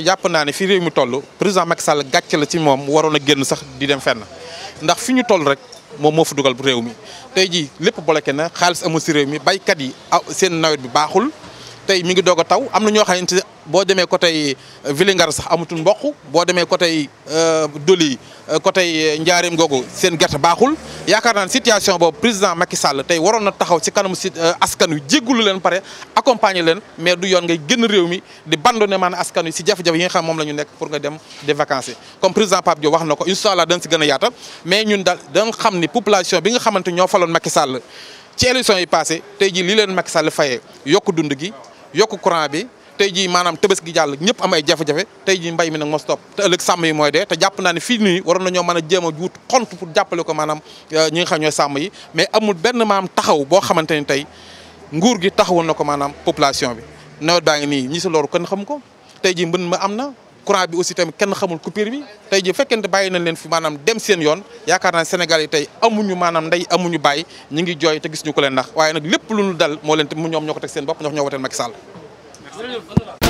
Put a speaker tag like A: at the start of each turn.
A: jàpp naa ne fi réew mi toll président Macky Sall gàcce la ci moom mu waroon a génn sax di dem fenn ndax fi ñu toll rek moom moo fa dugal réew mi tey jii lépp bloqué na xaalis amul si réew mi baykat yi ah, seen nawet bi baaxul tey mi ngi doog a taw am na ñoo xamante boo demee côté eh, Vélingara sax amatul mboq boo demee côté eh, Doli Euh, côté euh, njaareem googu seen gerte baaxul yaakaar naa ne situation boobu président Macky Sall tey waroon na taxaw si kanamu si euh, askan wi jéggulu leen pare accompagner leen mais du yoon ngay génn réew mi di bandone maanaam askan wi si jafe-jafe yi nga xam moom la ñu nekk pour nga dem di vacances comme président Pape Diop wax na ko incha allah dañ si gën yaata mais ñun daal dañ xam ni population bi nga xamante ñoo faloon Macky Sall ci élection yi passé tey jii li leen Macky Sall fayee yokku dund gi yokku courant bi. tey jii maanaam tëbës gi jàll ñëpp am ay jafe-jafe tey jii mbay mi nag moo stop te ëllëg sàmm yi mooy dee te jàpp naa ne fi nii waroon nañoo mën a jéem a wut xont pour jàppale ko maanaam euh, ñi nga mais amul benn maanaam taxaw boo xamante ni tey nguur gi taxawul na ko maanaam population bi nawet baa ngi nii ñi si loolu kenn xam ko tey jii mbën ma am na courant bi aussi tamit kenn xamul coupure bi tey jii fekkente bàyyi nañ leen fi maanaam dem seen yoon yaakaar naa Sénégal yi tey amuñu maanaam ndey amuñu bàyyi ñi jooy te gis ñu ko leen ndax waaye nag lépp lu ñu dal moo leen te mu ñoom ñoo 这就不是了